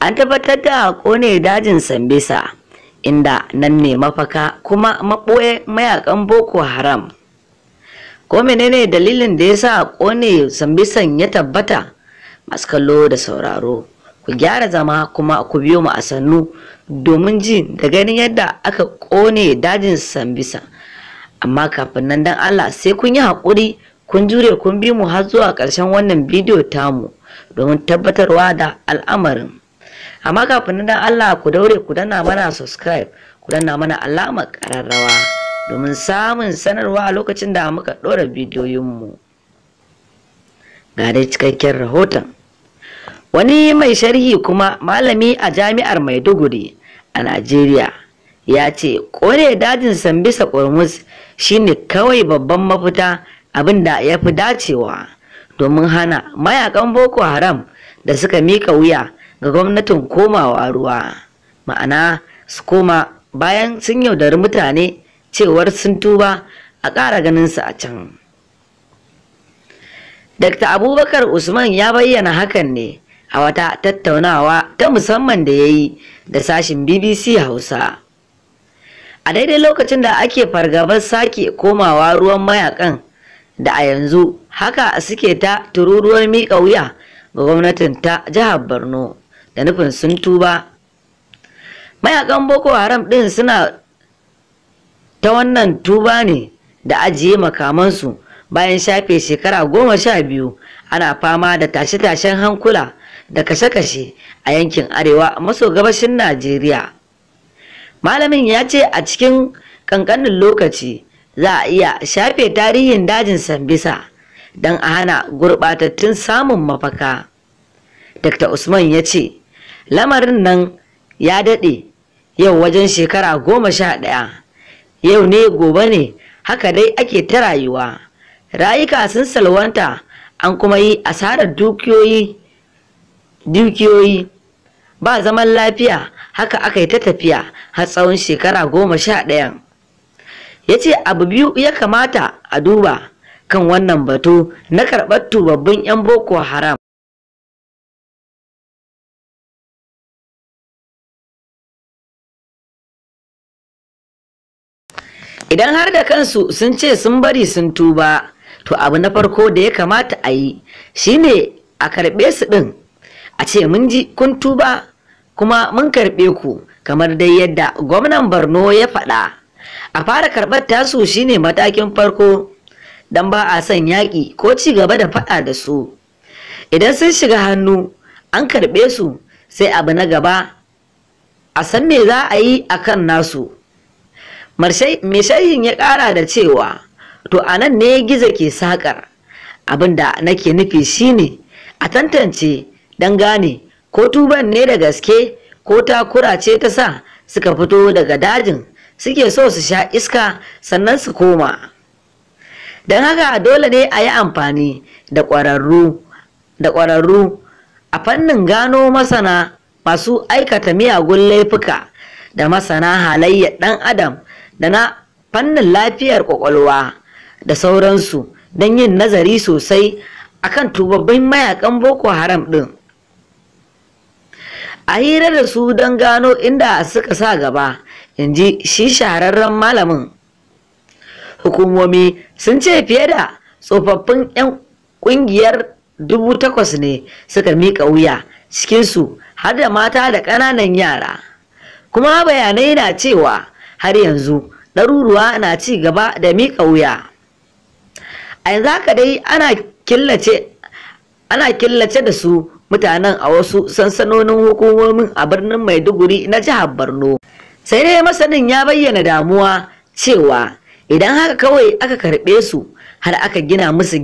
an tabbatar da kone dajin sambisa inda nan ne mafaka kuma maɓoye mayakan boko haram ko menene dalilin da ya sa kone sambisan ya tabbata masu da sauraro ku gyara zama kuma ku biyo mu a sannu domin ji da ganin yadda aka kone dajin sambisa amma kafin nan dan allah sai kun yi haƙuri kun jure kun bi mu har zuwa ƙarshen wannan bidiyo tamu domin tabbatarwa da al'amarin amma kafin nan dan Allah ku daure ku danna mana subscribe ku danna mana alamar kararrawa domin samun sanarwa a lokacin da muka ɗora bidiyoyinmu ga dai cikakken rahoton wani mai sharhi kuma malami a jami'ar maiduguri a najeriya ya ce kore dajin sambisa kormus shine kawai babban mafita abinda da ya fi dacewa domin hana mayakan boko haram da suka mika wuya ga gwamnatin komawa ruwa ma'ana su koma bayan sun yaudari mutane cewar sun tuba a ƙara ganin su a can dr abubakar usman ya bayyana hakan ne a wata tattaunawa ta musamman da ya yi da sashin bbc hausa a daidai lokacin da ake fargabar sake komawa ruwan mayakan da a yanzu haka suke ta tururuwar miƙa wuya ga gwamnatin ta jihar borno da nufin sun tuba mayakan boko haram ɗin suna ta wannan tuba ne da ajiye makamansu bayan shafe shekara goma sha biyu ana fama da tashe-tashen hankula da kashe-kashe a yankin arewa maso gabashin najeriya malamin ya ce a cikin kankanin lokaci za a iya shafe tarihin dajin sambisa don a hana gurɓatattun samun mafaka dr usman ya ce lamarin nan ya daɗe yau wajen shekara goma sha ɗaya yau ne gobe ne haka dai ake ta rayuwa rayuka sun salwanta an kuma yi asarar dukiyoyi dukiyoyi ba zaman lafiya haka aka yi ta tafiya har tsawon shekara goma sha ɗayan ya ce abu biyu ya kamata a duba kan wannan batu na karɓar tubabbin 'yan boko haram idan har da kansu sun ce sun bari sun tuba to abu na farko da ya kamata a yi shine a karɓe su ɗin a ce mun ji kun tuba kuma mun karɓe ku kamar dai yadda gwamnan borno ya faɗa a fara karɓar tasu shine matakin farko don ba a son yaƙi ko ci gaba da faɗa da su idan sun shiga hannu an karɓe su sai abu na gaba a san me za a yi a kan nasu Mishayin ya ƙara da cewa, to a nan ne gizo ke saƙar, da nake nufi shine a tantance don gane ko tuban ne da gaske ko takura ce ta sa suka fito daga dajin suke so su sha iska sannan su koma. Don haka dole ne a yi amfani da ƙwararru da ƙwararru a fannin gano masana masu aikata miyagun laifuka da masana halayyar ɗan adam da na fannin lafiyar kwakwalwa da sauransu don yin nazari sosai a kan tubabbin mayakan boko haram ɗin a hira da su don gano inda suka sa gaba in ji shi shahararren malamin hukumomi sun ce fiye da tsofaffin 'yan kungiyar dubu takwas ne suka miƙa wuya cikinsu har da mata da ƙananan yara kuma bayanai na cewa har yanzu ɗaruruwa na ci gaba da miƙa wuya a yanzu haka dai ana killace da su mutanen a wasu sansanonin hukumomin a birnin maiduguri na jihar borno sai dai masanin ya bayyana damuwa cewa idan haka kawai aka karɓe su har aka gina musu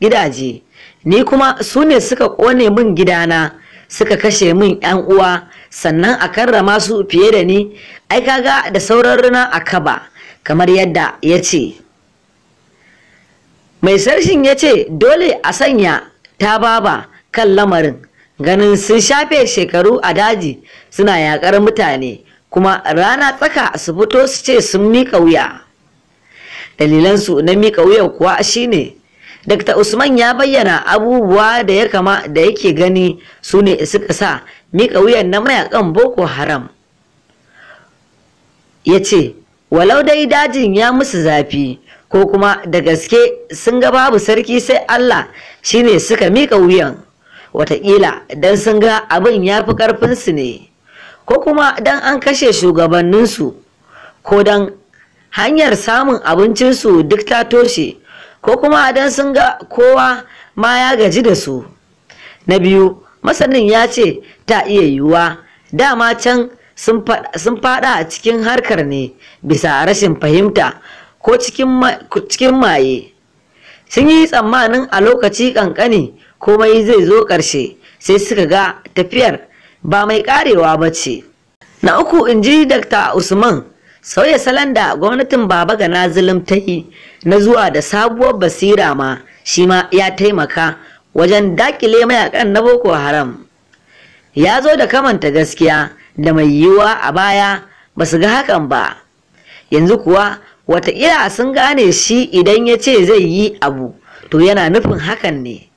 gidaje ni kuma su ne suka kone min gidana suka kashe min yan uwa sannan a karrama su fiye da ni ai kaga da sauran runa a kaba kamar yadda ya ce mai sarshin ya ce dole a sanya ta baba kan lamarin ganin sun shafe shekaru a daji suna yakar mutane kuma rana tsaka su fito su ce sun miƙa wuya dalilansu na miƙa wuyan kuwa shine Dr. Usman ya bayyana abubuwa da ya kama da yake gani su ne suka sa mika wuyan na mayakan Boko Haram. Ya ce, walau dai dajin ya musu zafi ko kuma da gaske sun ga babu sarki sai Allah shi ne suka mika wuyan. watakila don sun ga abin ya fi ƙarfinsu ne, ko kuma don an kashe shugabanninsu, ko don hanyar samun abincinsu duk ta toshe. ko kuma dan sun ga kowa ma ya gaji da su na biyu masanin ya ce ta iya yiwuwa dama can sun fada a cikin harkar ne bisa rashin fahimta ko cikin maye sun yi tsammanin a lokaci kankani komai zai zo ƙarshe sai suka ga tafiyar ba mai karewa ba ce na uku in ji dakta usman sauya salon da gwamnatin baba ga nazilin ta yi na zuwa da sabuwar basira ma shi ma ya taimaka wajen dakile mayakan na boko haram ya zo da kamanta gaskiya da mai yiwuwa a baya ba su ga hakan ba yanzu kuwa wataƙila sun gane shi idan ya ce zai yi abu to yana nufin hakan ne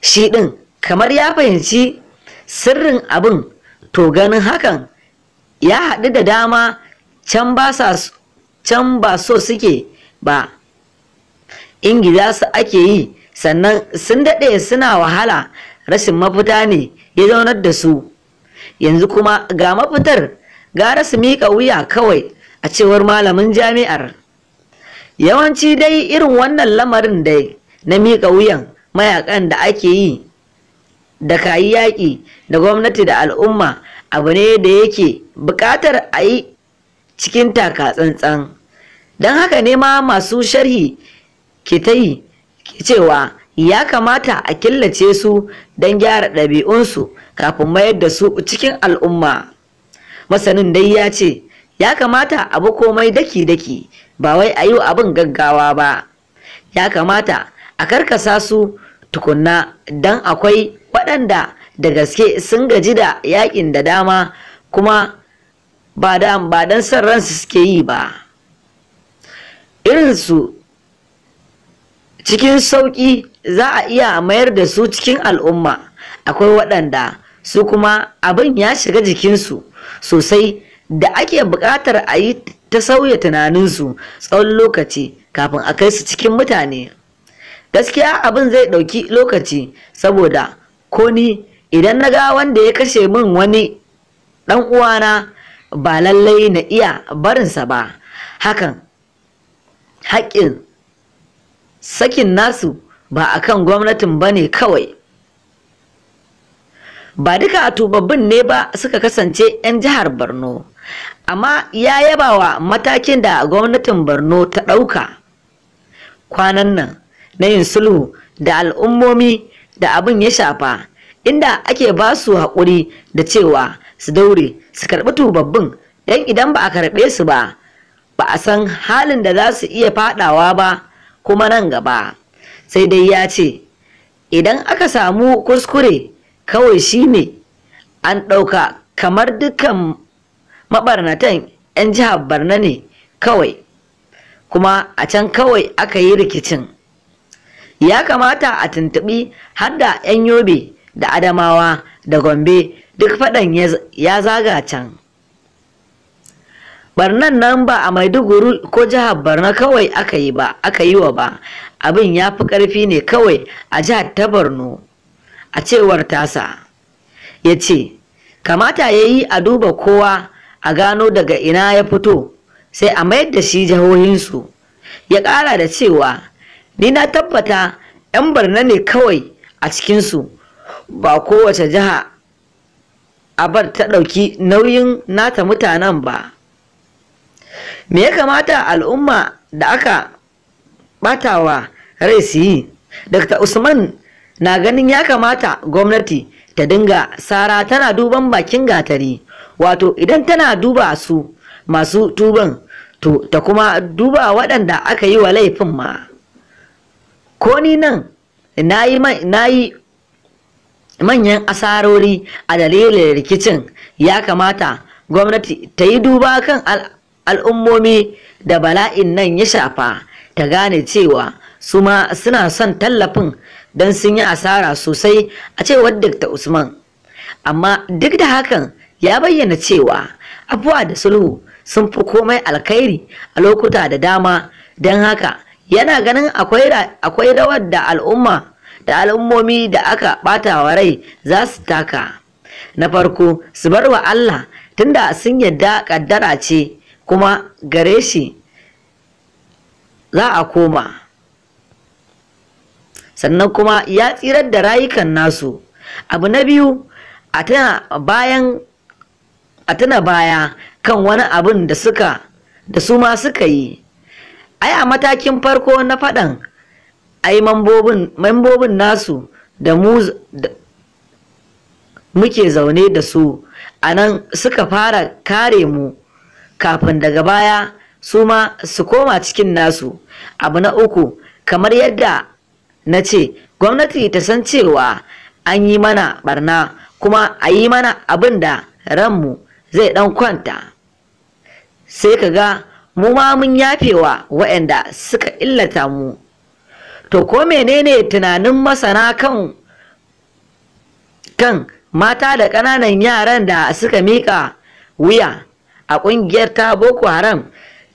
shi ɗin kamar ya fahimci sirrin abin to ganin hakan ya haɗu da dama can ba can ba so suke ba ingila su ake yi sannan sun daɗe suna wahala rashin mafita ne ya zaunar da su yanzu kuma ga mafitar gara su miƙa wuya kawai a cewar malamin jami'ar yawanci dai irin wannan lamarin dai na mika wuyan mayakan da ake yi da kayi yaƙi da gwamnati da al'umma abu ne da yake buƙatar a yi cikin taka tsantsan don haka ne ma masu sharhi ke ta yi cewa ya kamata a killace su don gyara ɗabi'unsu kafin mayar da su cikin al'umma masanin dai ya ce ya kamata abu komai daki-daki ba wai a yi abin gaggawa ba ya kamata a karkasa su tukunna don akwai waɗanda da gaske sun gaji da yakin da dama kuma ba da ba san ransu suke yi ba irin su cikin sauƙi za a iya mayar da su cikin al'umma akwai waɗanda su kuma abin ya shiga jikinsu sosai da ake buƙatar a yi ta sauya tunaninsu tsawon lokaci kafin a kai su cikin mutane gaskiya abin zai ɗauki lokaci saboda ko ni idan na ga wanda ya kashe min wani ɗan uwana ba lallai na iya barinsa ba hakan haƙƙin sakin nasu ba a kan gwamnatin ba ne kawai ba duka tubabbin ne ba suka kasance 'yan jihar borno amma ya yaba wa matakin da gwamnatin borno ta ɗauka kwanan nan na yin sulhu da al'ummomi da abin ya shafa inda ake ba su haƙuri da cewa su daure su karɓi tubabbin don idan ba a karɓe su ba ba a san halin da za su iya faɗawa ba kuma nan gaba sai dai ya ce idan aka samu kuskure kawai shi ne an ɗauka kamar dukkan mabarnatan 'yan jihar barna ne kawai kuma a can kawai aka yi rikicin ya kamata a tuntubi har da 'yan yobe da adamawa da gombe duk faɗan ya zaga can barnan nan ba a maiduguri ko jihar barna kawai aka yi ba aka yi wa ba abin ya fi ƙarfi ne kawai a jihar ta borno a cewar tasa ya ce kamata ya yi a duba kowa a gano daga ina ya fito sai a mayar da shi jihohinsu ya ƙara da cewa ni na tabbata 'yan barna ne kawai a cikinsu ba kowace jiha abar ta ɗauki nauyin nata mutanen ba me ya kamata al'umma da aka batawa rai su yi dr usman na ganin ya kamata gwamnati ta dinga sara tana duban bakin gatari wato idan tana duba su masu tuban to ta kuma duba waɗanda aka yi wa laifin ma ko ni nan na yi manyan asarori a dalilin rikicin ya kamata gwamnati ta yi duba kan al'ummomi da bala'in nan ya shafa ta gane cewa su ma suna son tallafin don sun yi asara sosai a cewar Dr. Usman. Amma duk da hakan ya bayyana cewa abuwa da sulhu sun fi komai alkhairi a lokuta da dama don haka yana ganin akwai rawar da al'umma da al'ummomi da aka ɓata wa rai za su taka na farko su bar wa Allah tunda sun yadda kaddara ce kuma gare shi za a koma sannan kuma ya tsirar da rayukan nasu abu na biyu a tana baya kan wani abin da da su ma suka yi ai a matakin farko na faɗan ai mambobin nasu da mu muke zaune da su a nan suka fara kare mu kafin daga baya su ma su koma cikin nasu abu na uku kamar yadda na ce gwamnati ta san cewa an yi mana barna kuma a yi mana abin da ranmu zai dan kwanta sai ka ga mu ma mun yafewa waɗanda suka illata mu to ko menene tunanin masana kan mata da ƙananan yaran da suka miƙa wuya a ƙungiyar ta boko haram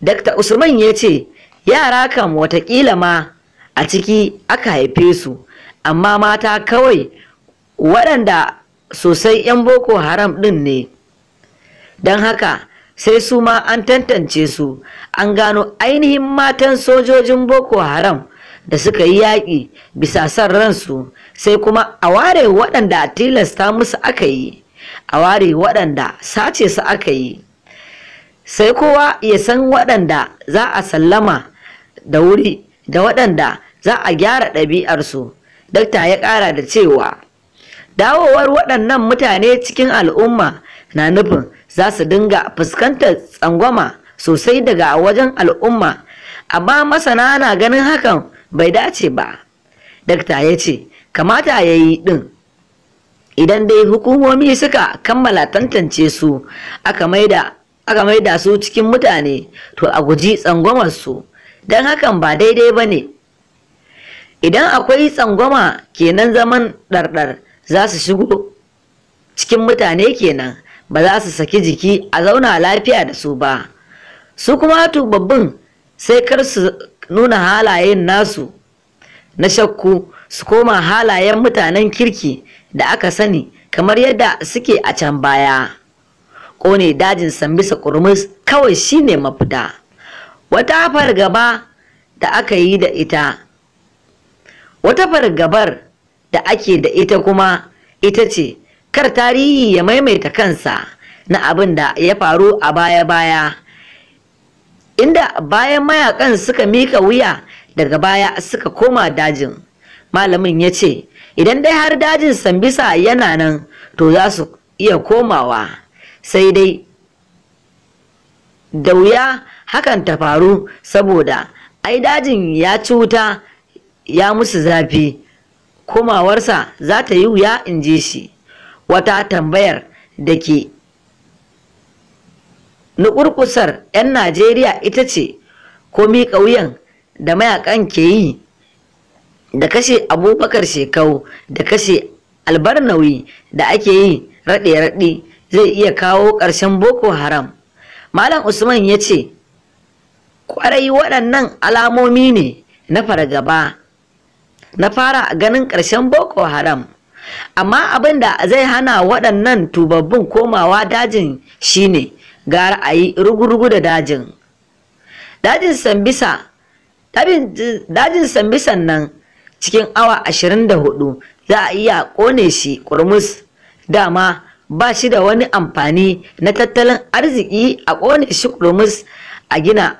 dr usman ya ce yara kan watakila ma a ciki aka haife su amma mata kawai waɗanda sosai 'yan boko haram ɗin ne don haka sai su ma an tantance su an gano ainihin matan sojojin boko haram da suka yi yaƙi bisa son ransu sai kuma a ware waɗanda tilasta musu aka yi a ware waɗanda sace su aka yi sai kowa ya san waɗanda za a sallama da wuri da waɗanda za a gyara ɗabi'arsu dakta ya ƙara da cewa dawowar waɗannan mutane cikin al'umma na nufin za su dinga fuskantar tsangwama sosai daga wajen al'umma amma masana na ganin hakan bai dace ba dakta ya ce kamata ya yi ɗin idan dai hukumomi suka kammala tantance su aka maida da su cikin mutane to a guji tsangwamarsu don hakan ba daidai ba ne idan akwai tsangwama kenan zaman ɗarɗar za su shigo cikin mutane kenan ba za su saki jiki a zauna lafiya da su ba su kuma tubabbin sai kar su nuna halayen nasu na shakku su koma halayen mutanen kirki da aka sani kamar yadda suke a can baya ƙone dajin sambisa kurmus kawai shine mafita wata fargaba da aka yi da ita wata fargabar da ake da ita kuma ita ce kar tarihi ya maimaita kansa na abin da ya faru a baya-baya inda bayan mayakan suka mika wuya daga baya suka koma dajin malamin ya ce idan dai har dajin sambisa yana nan to za su iya komawa sai dai da wuya hakan ta faru saboda ai dajin ya ci wuta ya musu zafi komawarsa za ta yi wuya in ji shi wata tambayar da ke nukurkusar 'yan najeriya ita ce komi ƙauyen da mayakan ke yi da kashe abubakar shekau da kashe albarnawi da ake yi raɗe-raɗe zai iya kawo ƙarshen boko haram malam usman ya ce ƙwarai waɗannan alamomi ne na fargaba na fara ganin ƙarshen boko haram amma abin da zai hana waɗannan tubabbin komawa dajin shine gara a yi da dajin dajin sambisa sambisan nan cikin awa 24 za a iya kone shi kurmus dama ba shi da wani amfani na tattalin arziki a kone shi kurmus a gina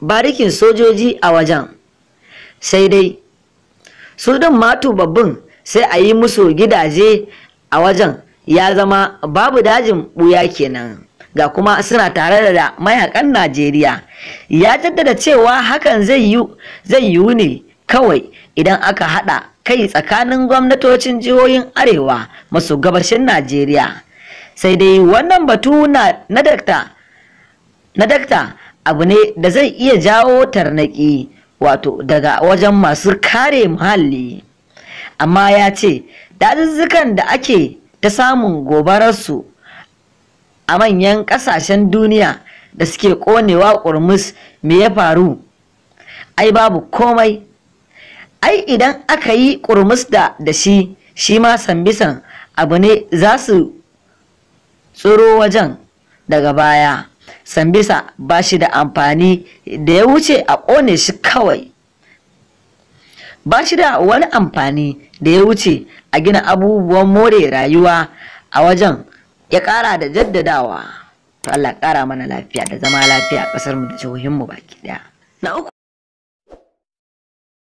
barikin sojoji a wajen sai dai su din matu babbin sai a yi musu gidaje a wajen ya zama babu dajin buya kenan. ga kuma suna tare da mayakan Najeriya ya jaddada cewa hakan zai yiwu ne kawai idan aka haɗa kai tsakanin gwamnatocin jihohin arewa masu gabashin Najeriya sai dai wannan batu na dakta abu ne da zai iya jawo tarnaki wato daga wajen masu kare muhalli amma ya ce dazuzzukan da ake ta samun gobararsu a manyan ƙasashen duniya da suke ƙonewa ƙurmus me ya faru ai babu komai ai idan aka yi ƙurmus da da shi shi ma sambisan abu ne za su tsoro wajen daga baya sambisa ba shi da amfani da ya wuce a ƙone shi kawai ba shi da wani amfani da ya wuce a gina abubuwan more rayuwa a wajen ya ƙara da jaddadawa to Allah ƙara mana lafiya da zama lafiya a ƙasarmu da jihohin mu baki ɗaya na uku